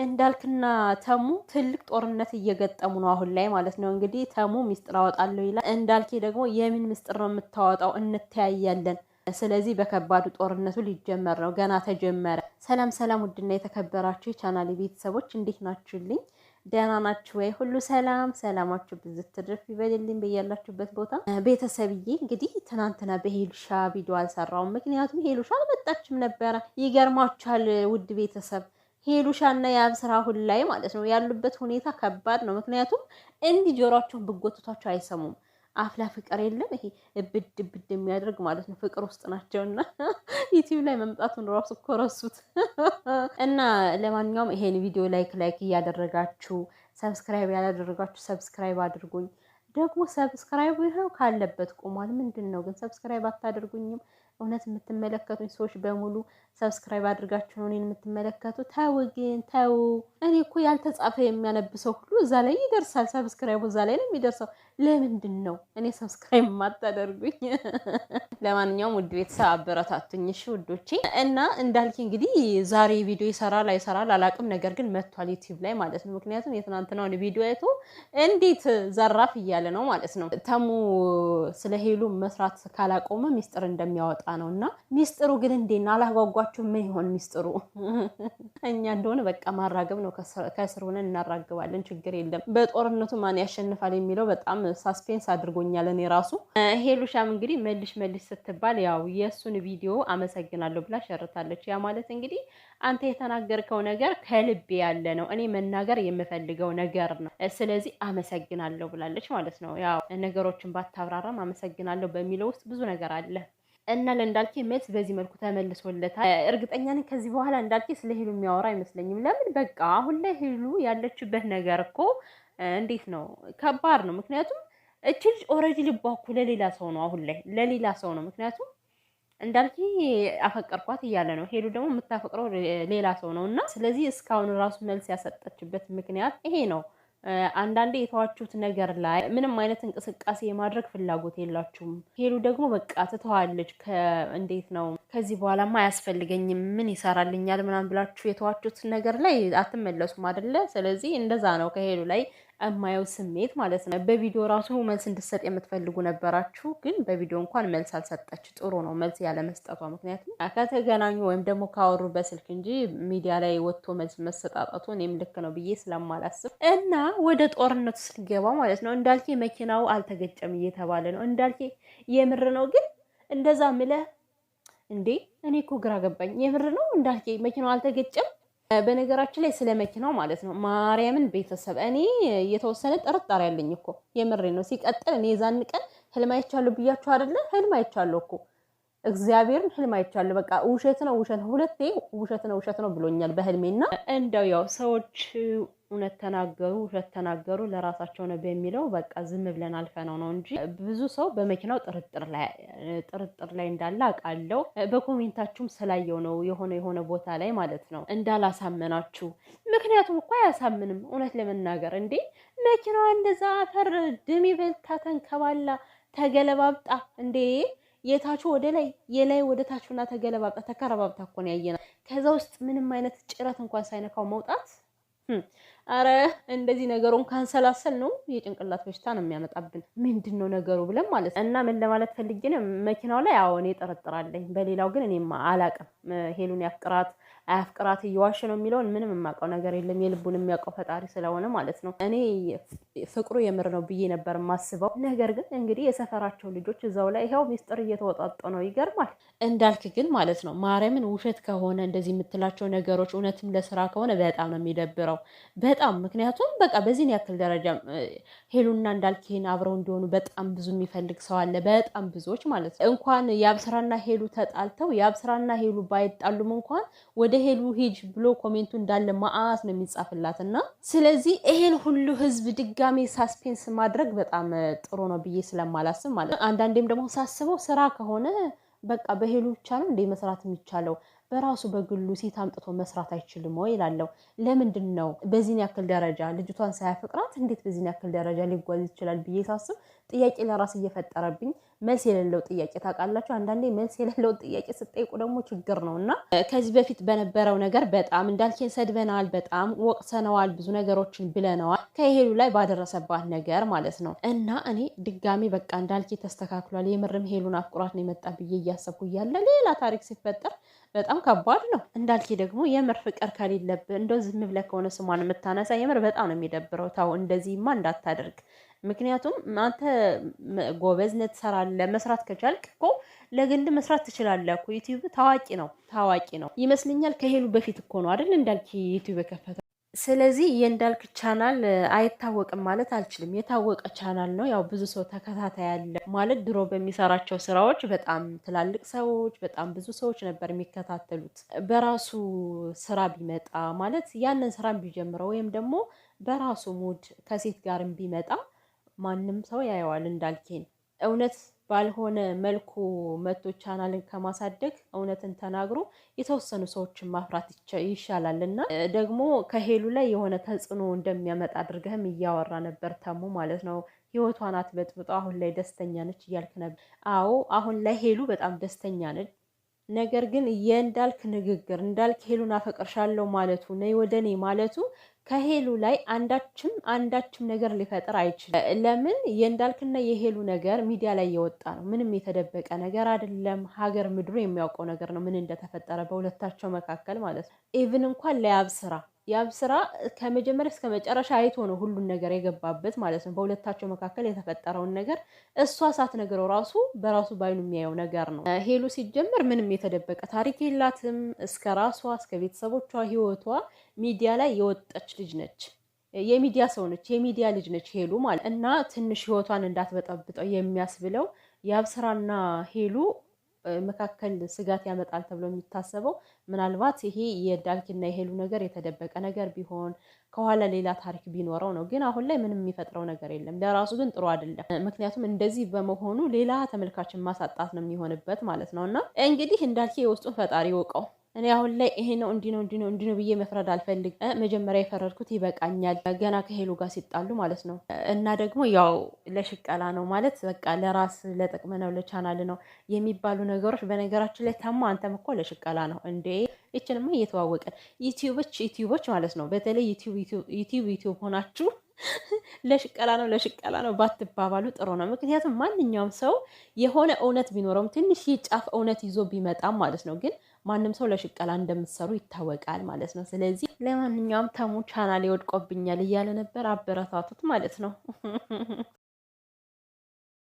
እንዳልክና ተሙ ትልቅ ጦርነት እየገጠሙ ነው አሁን ላይ ማለት ነው። እንግዲህ ተሙ ሚስጥር አወጣለሁ ይላል። እንዳልኬ ደግሞ የምን ምስጥር ነው የምታወጣው? እንተያያለን። ስለዚህ በከባዱ ጦርነቱ ሊጀመር ነው። ገና ተጀመረ። ሰላም ሰላም! ውድና የተከበራችሁ የቻናሌ ቤተሰቦች እንዴት ናችሁልኝ? ደህና ናችሁ ወይ? ሁሉ ሰላም ሰላማችሁ ብዝት ትርፍ ይበልልኝ በያላችሁበት ቦታ ቤተሰብዬ። እንግዲህ ትናንትና በሄሉሻ ቪዲዮ አልሰራውም፣ ምክንያቱም ሄሉሻ አልመጣችም ነበረ። ይገርማችኋል ውድ ቤተሰብ ሄሉሻና የአብስራ ስራ አሁን ላይ ማለት ነው ያሉበት ሁኔታ ከባድ ነው። ምክንያቱም እንዲህ ጆሯቸውን ብጎትቷቸው አይሰሙም። አፍላ ፍቅር የለም ይሄ እብድ እብድ የሚያደርግ ማለት ነው። ፍቅር ውስጥ ናቸውና ዩቲዩብ ላይ መምጣቱን ራሱ እኮ ረሱት። እና ለማንኛውም ይሄን ቪዲዮ ላይክ ላይክ እያደረጋችሁ ሰብስክራይብ ያላደረጋችሁ ሰብስክራይብ አድርጉኝ። ደግሞ ሰብስክራይብ ይኸው ካለበት ቆሟል። ምንድን ነው ግን ሰብስክራይብ አታደርጉኝም? እውነት የምትመለከቱኝ ሰዎች በሙሉ ሰብስክራይብ አድርጋችሁ ነው እኔን የምትመለከቱ። ተው ግን ተው። እኔ እኮ ያልተጻፈ የሚያነብሰው ሁሉ እዛ ላይ ይደርሳል። ሰብስክራይቡ እዛ ላይ ነው የሚደርሰው። ለምንድን ነው እኔ ሰብስክራይብ ማታደርጉኝ? ለማንኛውም ውድ ቤተሰብ አበረታቱኝ፣ እሺ ውዶቼ። እና እንዳልክ እንግዲህ ዛሬ ቪዲዮ ይሰራል አይሰራል አላቅም፣ ነገር ግን መጥቷል ዩቲዩብ ላይ ማለት ነው። ምክንያቱም የትናንትናውን ቪዲዮ አይቶ እንዴት ዘራፍ እያለ ነው ማለት ነው። ተሙ ስለ ሄሉ መስራት ካላቆመ ሚስጥር እንደሚያወጣ ነው እና ሚስጥሩ ግን እንዴና አላጓጓ ቢጠይቋቸው ምን ይሆን ሚስጥሩ? እኛ እንደሆነ በቃ ማራገብ ነው። ከስር ሆነን እናራግባለን። ችግር የለም። በጦርነቱ ማን ያሸንፋል የሚለው በጣም ሳስፔንስ አድርጎኛል። እኔ ራሱ ሄሉሻም እንግዲህ መልሽ መልሽ ስትባል ያው የእሱን ቪዲዮ አመሰግናለሁ ብላ ሸርታለች። ያ ማለት እንግዲህ አንተ የተናገርከው ነገር ከልቤ ያለ ነው፣ እኔ መናገር የምፈልገው ነገር ነው። ስለዚህ አመሰግናለሁ ብላለች ማለት ነው። ያው ነገሮችን ባታብራራም አመሰግናለሁ በሚለው ውስጥ ብዙ ነገር አለ። እና ለእንዳልኬ መልስ በዚህ መልኩ ተመልሶለታል። እርግጠኛ ነኝ ከዚህ በኋላ እንዳልኬ ስለ ሄሉ የሚያወራ አይመስለኝም። ለምን በቃ አሁን ላይ ሄሉ ያለችበት ነገር እኮ እንዴት ነው ከባድ ነው። ምክንያቱም እች ልጅ ኦልሬዲ ልቧ እኮ ለሌላ ሰው ነው፣ አሁን ላይ ለሌላ ሰው ነው። ምክንያቱም እንዳልኬ አፈቀርኳት እያለ ነው። ሄሉ ደግሞ የምታፈቅረው ሌላ ሰው ነው እና ስለዚህ እስካሁን ራሱ መልስ ያሰጠችበት ምክንያት ይሄ ነው። አንዳንዴ የተዋችሁት ነገር ላይ ምንም አይነት እንቅስቃሴ የማድረግ ፍላጎት የላችሁም። ሄሉ ደግሞ በቃ ትተዋለች። እንዴት ነው ከዚህ በኋላማ አያስፈልገኝም፣ ምን ይሰራልኛል ምናምን ብላችሁ የተዋችሁት ነገር ላይ አትመለሱም አይደለ? ስለዚህ እንደዛ ነው ከሄሉ ላይ የማየው ስሜት ማለት ነው። በቪዲዮ ራሱ መልስ እንድሰጥ የምትፈልጉ ነበራችሁ፣ ግን በቪዲዮ እንኳን መልስ አልሰጠች። ጥሩ ነው መልስ ያለመስጠቷ። ምክንያቱም ከተገናኙ ወይም ደግሞ ካወሩ በስልክ እንጂ ሚዲያ ላይ ወጥቶ መልስ መሰጣጣቱ እኔም ልክ ነው ብዬ ስለማላስብ እና ወደ ጦርነቱ ስንገባ ማለት ነው እንዳልኬ መኪናው አልተገጨም እየተባለ ነው። እንዳልኬ የምር ነው ግን እንደዛ ምለ እንዴ? እኔ እኮ ግራ ገባኝ። የምር ነው እንዳልኬ መኪናው አልተገጨም በነገራችን ላይ ስለ መኪናው ማለት ነው ማርያምን ቤተሰብ እኔ የተወሰነ ጥርጣሬ ያለኝ እኮ የምሬ ነው። ሲቀጥል እኔ የዛን ቀን ህልም አይቻለሁ ብያችሁ ህልም አይቻለሁ እኮ እግዚአብሔርን ህልም አይቻለሁ። በቃ ውሸት ነው ውሸት ነው ሁለቴ ውሸት ነው ውሸት ነው ብሎኛል በህልሜና እንደው ያው ሰዎች እውነት ተናገሩ ውሸት ተናገሩ ለራሳቸው ነው በሚለው በቃ ዝም ብለን አልፈነው ነው እንጂ ብዙ ሰው በመኪናው ጥርጥር ላይ እንዳለ አውቃለሁ። በኮሜንታችሁም ስላየው ነው የሆነ የሆነ ቦታ ላይ ማለት ነው እንዳላሳመናችሁ። ምክንያቱም እኮ አያሳምንም እውነት ለመናገር እንዴ መኪናዋ እንደዛ አፈር ድሜ በልታ ተንከባላ ተገለባብጣ እንዴ የታቹ ወደ ላይ የላይ ወደ ታቹና ተገለባብጣ ተከረባብታ እኮ ነው ያየናል። ከዛ ውስጥ ምንም አይነት ጭረት እንኳን ሳይነካው መውጣት አረ እንደዚህ ነገሩን ካንሰላሰል ነው የጭንቅላት በሽታ ነው የሚያመጣብን። ምንድን ነው ነገሩ ብለን ማለት ነው። እና ምን ለማለት ፈልጌ ነው መኪናው ላይ አዎ እኔ ጠረጥራለኝ። በሌላው ግን እኔ አላቅም። ሄሉን ያፍቅራት አያፍቅራት እየዋሸ ነው የሚለውን ምንም የማውቀው ነገር የለም። የልቡን የሚያውቀው ፈጣሪ ስለሆነ ማለት ነው። እኔ ፍቅሩ የምር ነው ብዬ ነበር የማስበው። ነገር ግን እንግዲህ የሰፈራቸው ልጆች እዛው ላይ ይኸው ሚስጥር እየተወጣጡ ነው። ይገርማል። እንዳልክ ግን ማለት ነው ማርያምን ውሸት ከሆነ እንደዚህ የምትላቸው ነገሮች እውነትም ለስራ ከሆነ በጣም ነው የሚደብረው። በጣም ምክንያቱም በቃ በዚህን ያክል ደረጃ ሄሉና እንዳልኬን አብረው እንዲሆኑ በጣም ብዙ የሚፈልግ ሰው አለ። በጣም ብዙዎች ማለት ነው። እንኳን የአብስራና ሄሉ ተጣልተው የአብስራና ሄሉ ባይጣሉም እንኳን ወደ ሄሉ ሂጅ ብሎ ኮሜንቱ እንዳለ ማአት ነው የሚጻፍላት እና ስለዚህ ይሄን ሁሉ ህዝብ ድጋሜ ሳስፔንስ ማድረግ በጣም ጥሩ ነው ብዬ ስለማላስብ ማለት ነው። አንዳንዴም ደግሞ ሳስበው ስራ ከሆነ በቃ በሄሉ ብቻ ነው እንደ መስራት የሚቻለው በራሱ በግሉ ሴት አምጥቶ መስራት አይችልም ወይ ይላለው። ለምንድን ነው በዚህን ያክል ደረጃ ልጅቷን ሳያፈቅራት እንዴት በዚህን ያክል ደረጃ ሊጓዝ ይችላል ብዬ ሳስብ ጥያቄ ለራስ እየፈጠረብኝ መልስ የሌለው ጥያቄ ታውቃላችሁ። አንዳንዴ መልስ የሌለው ጥያቄ ስጠይቁ ደግሞ ችግር ነው እና ከዚህ በፊት በነበረው ነገር በጣም እንዳልኬን ሰድበናል፣ በጣም ወቅሰነዋል፣ ብዙ ነገሮችን ብለነዋል። ከሄሉ ላይ ባደረሰባት ነገር ማለት ነው እና እኔ ድጋሚ በቃ እንዳልኬ ተስተካክሏል፣ የምርም ሄሉን አፍቁራት ነው የመጣ ብዬ እያሰብኩ እያለ ሌላ ታሪክ ሲፈጠር በጣም ከባድ ነው። እንዳልኬ ደግሞ የምር ፍቅር ከሌለብህ እንደው ዝም ብለህ ከሆነ ስሟን የምታነሳ የምር በጣም ነው የሚደብረው። ታው እንደዚህማ እንዳታደርግ። ምክንያቱም አንተ ጎበዝ ነህ፣ ትሰራለህ። መስራት ከቻልክ እኮ ለግል መስራት ትችላለህ እኮ ዩቲዩብ ታዋቂ ነው ታዋቂ ነው ይመስለኛል። ከሄሉ በፊት እኮ ነው አይደል እንዳልኬ ዩቲዩብ የከፈተው ስለዚህ የእንዳልክ ቻናል አይታወቅም ማለት አልችልም። የታወቀ ቻናል ነው። ያው ብዙ ሰው ተከታታይ ያለ ማለት ድሮ በሚሰራቸው ስራዎች በጣም ትላልቅ ሰዎች፣ በጣም ብዙ ሰዎች ነበር የሚከታተሉት። በራሱ ስራ ቢመጣ ማለት ያንን ስራ ቢጀምረው ወይም ደግሞ በራሱ ሙድ ከሴት ጋርም ቢመጣ ማንም ሰው ያየዋል እንዳልኬን እውነት ባልሆነ መልኩ መቶ ቻናልን ከማሳደግ እውነትን ተናግሮ የተወሰኑ ሰዎችን ማፍራት ይሻላል እና ደግሞ ከሄሉ ላይ የሆነ ተጽዕኖ እንደሚያመጣ አድርገህም እያወራ ነበር ተሙ ማለት ነው። ህይወቷን አትበጥብጦ አሁን ላይ ደስተኛ ነች እያልክ ነበር። አዎ አሁን ላይ ሄሉ በጣም ደስተኛ ነች። ነገር ግን የእንዳልክ ንግግር እንዳልክ ሄሉን አፈቅርሻለሁ ማለቱ ነይ እኔ ማለቱ ከሄሉ ላይ አንዳችም አንዳችም ነገር ሊፈጥር አይችልም። ለምን የእንዳልክና የሄሉ ነገር ሚዲያ ላይ የወጣ ነው። ምንም የተደበቀ ነገር አይደለም። ሀገር ምድሩ የሚያውቀው ነገር ነው፣ ምን እንደተፈጠረ በሁለታቸው መካከል ማለት ነው። ኢቭን እንኳን ለያብ ስራ ያብ ስራ ከመጀመሪያ እስከ መጨረሻ አይቶ ነው ሁሉን ነገር የገባበት ማለት ነው። በሁለታቸው መካከል የተፈጠረውን ነገር እሷ ሳትነግረው ራሱ በራሱ በአይኑ የሚያየው ነገር ነው። ሄሉ ሲጀመር ምንም የተደበቀ ታሪክ የላትም። እስከ ራሷ እስከ ቤተሰቦቿ ህይወቷ ሚዲያ ላይ የወጣች ልጅ ነች። የሚዲያ ሰው ነች። የሚዲያ ልጅ ነች ሄሉ ማለት እና ትንሽ ህይወቷን እንዳትበጠብጠው የሚያስብለው ያብ ስራና ሄሉ መካከል ስጋት ያመጣል ተብሎ የሚታሰበው ምናልባት ይሄ የዳልኪና የሄሉ ነገር የተደበቀ ነገር ቢሆን ከኋላ ሌላ ታሪክ ቢኖረው ነው። ግን አሁን ላይ ምንም የሚፈጥረው ነገር የለም። ለራሱ ግን ጥሩ አይደለም። ምክንያቱም እንደዚህ በመሆኑ ሌላ ተመልካችን ማሳጣት ነው የሚሆንበት ማለት ነው። እና እንግዲህ እንዳልኪ የውስጡን ፈጣሪ ይወቀው። እኔ አሁን ላይ ይሄ ነው እንዲህ ነው እንዲህ ነው እንዲህ ነው ብዬ መፍረድ አልፈልግ። መጀመሪያ የፈረድኩት ይበቃኛል፣ ገና ከሄሉ ጋር ሲጣሉ ማለት ነው። እና ደግሞ ያው ለሽቀላ ነው ማለት በቃ ለራስ ለጥቅም ነው ለቻናል ነው የሚባሉ ነገሮች። በነገራችን ላይ ታማ አንተም እኮ ለሽቀላ ነው እንዴ! ይችንማ እየተዋወቀን ዩቲዩቦች ዩቲዩቦች ማለት ነው። በተለይ ዩቲዩብ ዩቲዩብ ሆናችሁ ለሽቀላ ነው ለሽቀላ ነው ባትባባሉ ጥሩ ነው። ምክንያቱም ማንኛውም ሰው የሆነ እውነት ቢኖረውም ትንሽ ጫፍ እውነት ይዞ ቢመጣም ማለት ነው። ግን ማንም ሰው ለሽቀላ እንደምትሰሩ ይታወቃል ማለት ነው። ስለዚህ ለማንኛውም ተሙ ቻናል ይወድቆብኛል እያለ ነበር፣ አበረታቱት ማለት ነው።